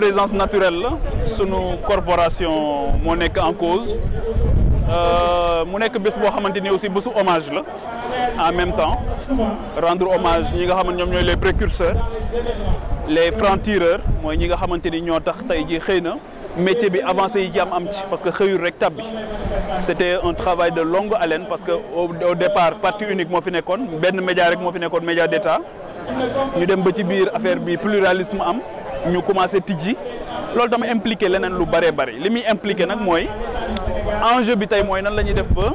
présence naturelle la sunu corporation moo nekk en cause euh, mu nekk bés boo xamante ni aussi bésu hommage la en même temps rendre hommage ñi nga xam ne ñoom ñooy les précurseurs les francs mooy ñi nga xamante ni ñoo tax tey jii xëy na métier bi avancé yi ci am am ci parce que xëyul rek tab bi c'était un travail de longue haleine parce que au départ parti unique moo fi nekkoon benn média rek moo fi nekkoon média d'État ñu dem ba ci biir affaire bi pluralisme am ñu commencé tijji loolu dama impliqué leneen lu bëree bëri li muy impliqué nag mooy enjeu bi tey mooy nan la ñuy def ba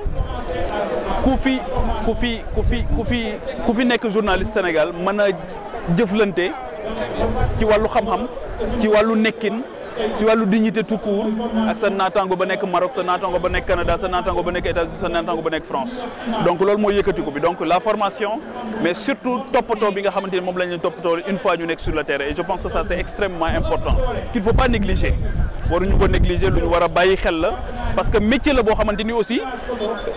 ku fi ku fi ku fi ku fi ku fi nekk journaliste Sénégal mën a jëflante ci wàllu xam-xam ci wàllu nekkin. si wàllu dignité tout court ak sa naataango ba nekk Maroc sa naataango ba nekk Canada sa naataango ba nekk États-Unis sa naataango ba nekk France donc loolu mooy yëkkatiku bi donc la formation mais surtout toppatoo bi nga xamante ni moom la ñu toppatoo une fois ñu nekk sur le terrain et je pense que ça c'est extrêmement important qu'il faut pas négliger waruñu ko négliger lu ñu a bàyyi xel la parce que métier la boo xamante ni aussi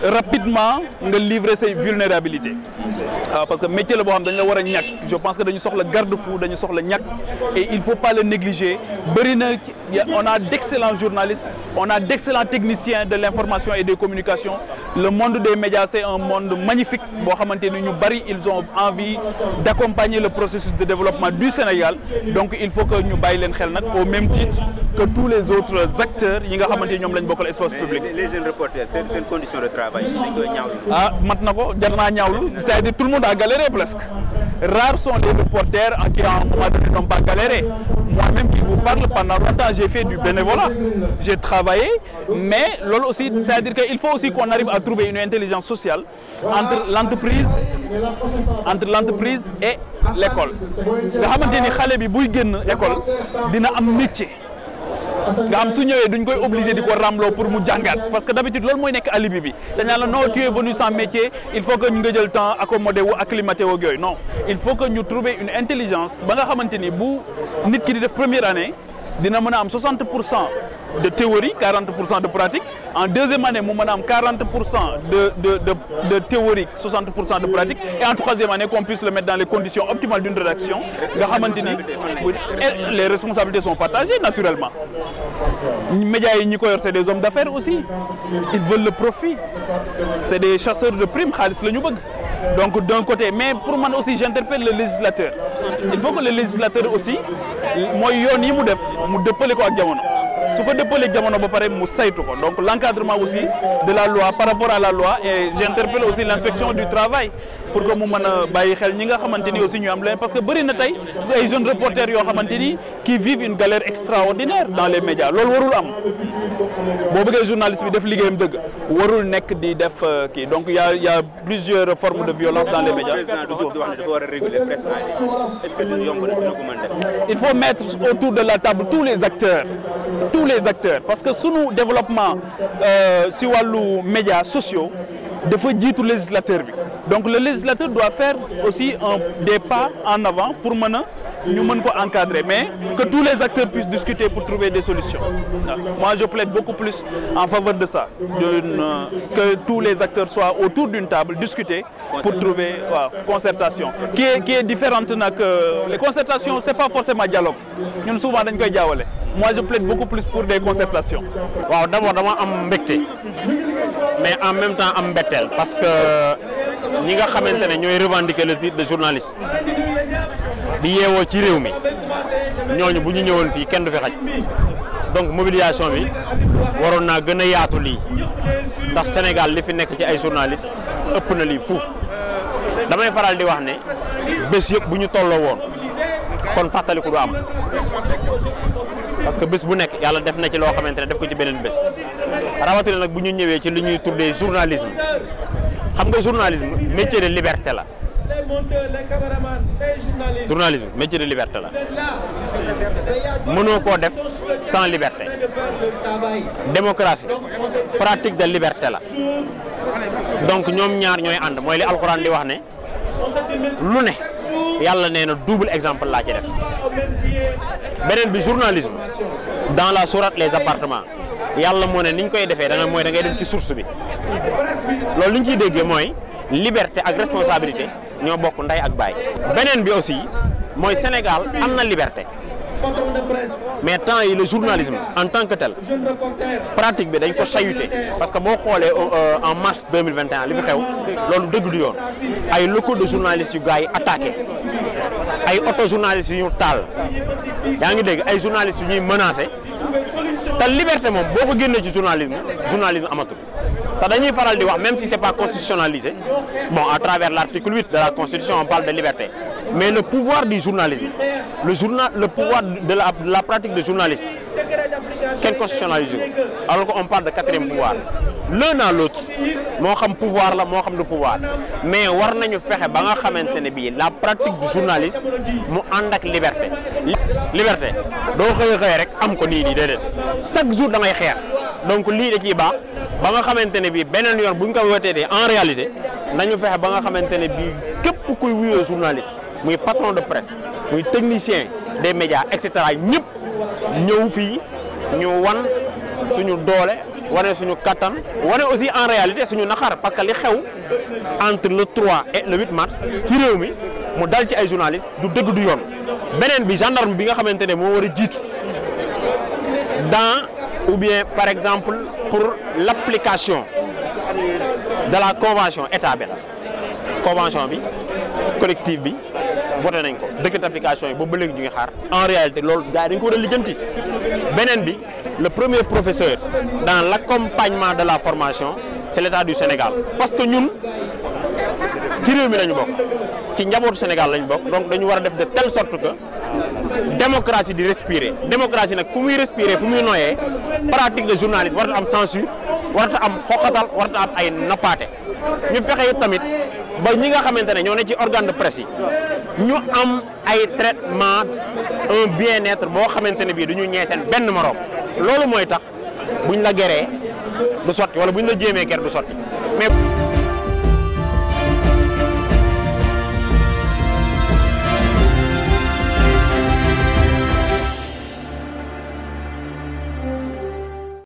rapidement nga livrer say vulnérabilité waaw ah, parce que métier la boo xam dañ la war a ñàkk je pense que dañu soxla garde-fou dañu soxla ñàkk et il faut pas le négliger bëri na on a d'excellents journalistes on a d'excellents techniciens de l'information et des communications le monde des médias c'est un monde magnifique boo xamante ni ñu bëri ils ont envie d'accompagner le processus de développement du Sénégal donc il faut que ñu bàyyi leen xel nag au même titre que tous les autres acteurs yi nga xamante ni ñoom lañ bokkal monde a galéré presque. Rares sont les reporters qui, à un moment donné, n'ont pas Moi-même qui vous parle, pendant longtemps, j'ai fait du bénévolat. J'ai travaillé, mais aussi, c'est-à-dire qu'il faut aussi qu'on arrive à trouver une intelligence sociale entre l'entreprise entre l'entreprise et l'école. ni xale bi buy génn école dina am nga am su ñëwee duñ koy obligé di ko ramloo pour mu jàngaat parce que d'habitude loolu mooy nekk alibi bi dañ naan la non tu es métier il faut que ñu nga jël temps accommodé wu acclimaté woog il faut que ñu trouver une intelligence ba nga xamante ni bu nit ki di def première année dina mën a am 60 pour cent de théorie pour cent de pratique en deuxième année mu mën a am pour cent de de de théorique pour cent de pratique et en troisième année qu'on puisse le mettre dans les conditions optimales d'une rédaction nga xamante ni les responsabilités sont partagées naturellement médias yi ñi ko yor c'est des hommes d'affaires aussi ils veulent le profit c'est des chasseurs de primes xaalis la ñu bëgg donc d'un côté mais pour man aussi j'interpelle le législateur il faut que le législateur aussi mooy yoon yi mu def mu dëppale ko ak jamono su ko dëppaleeg jamono ba pare mu saytu ko donc l' encadrement aussi de la loi par rapport à la loi et j' interpelle aussi l' inspection du travail pour que mu mën a bàyyi xel ñi nga xamante ni aussi ñu am leen parce que bëri na tey ay jeunes reporters yoo xamante ni qui vivent une galère extraordinaire dans les médias loolu warul am boo bëggee journaliste bi def liggéeyam dëgg warul nekk di def euh, kii donc ya a y' a plusieurs formes de violence dans les médias. président du Diop di wax ne a réguler presse en ligne est-ce que loolu yomb na dina il faut mettre autour de la table tous les acteurs tous les acteurs parce que sunu développement euh, si wàllu médias sociaux dafa jiitu législateur bi. donc le législateur doit faire aussi un, des pas en avant pour mën a ñu ko encadrer mais que tous les acteurs puissent discuter pour trouver des solutions moi je plaide beaucoup plus en faveur de ça d'une que tous les acteurs soient autour d'une table discuter pour trouver waaw concertation qui est qui est différente nag euh, les concertations c'est pas forcément dialogue ñun souvent dañ koy jaawale moi je plaide beaucoup plus pour des concertations waaw d'abord dama am mais en même temps am mbetteel ñi nga xamante ne ñooy revendiquer le titre de journaliste bi yeewoo ci réew mi ñooñu bu ñu ñëwoon fii kenn du fi xaj donc mobilisation bi waroon naa gën a yaatu lii ndax Sénégal li fi nekk ci ay journaliste ëpp na lii fuuf damay faral di wax ne bés yëpp bu ñu tolloo woon kon fàttaliku du am parce que bés bu nekk yàlla def na ci loo xamante ne def ko ci beneen bés rawatina nag bu ñu ñëwee ci li ñuy tuddee journalisme xam nga journalisme métier de liberté la. les monteurs les métier de liberté la. mënoo koo def sans liberté. démocratie pratique de liberté la. donc ñoom ñaar ñooy ànd mooy li alxuraan li wax ne lu ne yàlla nee na double exemple laa ci def beneen bi journalisme dans la sourate les appartements yàlla moo ne ni koy defee da nga mooy da ngay dem ci source bi. loolu li ciy déggee mooy liberté ak responsabilité ñoo bokk ndey ak baay. beneen bi aussi mooy Sénégal am na liberté mais temps yi le journalisme en tant que tel pratique bi dañ ko sayute parce que boo xoolee euh, en mars 2021 li fi xew loolu dëgg du yoon ay locaux de journalistes yu gars yi attaqué ay auto journalistes yu ñu taal yaa ngi dégg ay journalistes yu ñuy menacé te liberté moom boo ko génnee ci journalisme journalisme amatul. te dañuy faral di wax même si c'est pas constitutionnalisé bon à travers l'article 8 de la constitution on parle de liberté mais le pouvoir du journalisme le journal le pouvoir de la, de la pratique de journalisme kenn constitutionnalisé ko alors qu'on parle de quatrième pouvoir l'un à l'autre moo xam pouvoir la moo xam du pouvoir mais war nañu fexe ba nga xamante ne bii la pratique du journaliste mu ànd ak liberté. liberté doo xëy xëy rek am ko nii nii déedéet chaque jour da ngay xeex donc lii da ciy baax ba nga xamante ne bii beneen yoon bu ñu ko wootee en réalité nañu fexe ba nga xamante ne bii képp kuy wuyoo journaliste muy patron de presse muy technicien des médias et cetera ñu wan suñu doole wane suñu kattan wane aussi en réalité suñu naqar parce que li xew entre le 3 et le 8 mars ci réew mi mu dal ci ay journalistes du dëgg du yoon beneen bi gendarme bi nga xamante ne moo war a jiitu dans ou bien par exemple pour l'application de la convention état bi la convention bi collectif bi voté nañ ko décret d'application yi boobu ba léegi ñu ngi xaar en réalité loolu gars yi dañ ko war a lijjanti beneen bi le premier professeur dans l' accompagnement de la formation c' est du Sénégal parce que ñun ci mi lañu bokk ci njabootu Sénégal lañu bokk donc dañu war a def de telle sorte que démocratie di respirer démocratie nag fu muy respirer fu muy nooyee pratique de journaliste warata am censure warata am xoxatal warata am ay nappaate ñu fexe tamit ba ñi nga xamante ne ñoo ne ci organe de ñu am ay traitement un bien-être boo xamante ne bii du ñu ñee seen benn moroom loolu mooy tax bu buñ la geree du sotti wala buñ la jéemee ger du sotti mais.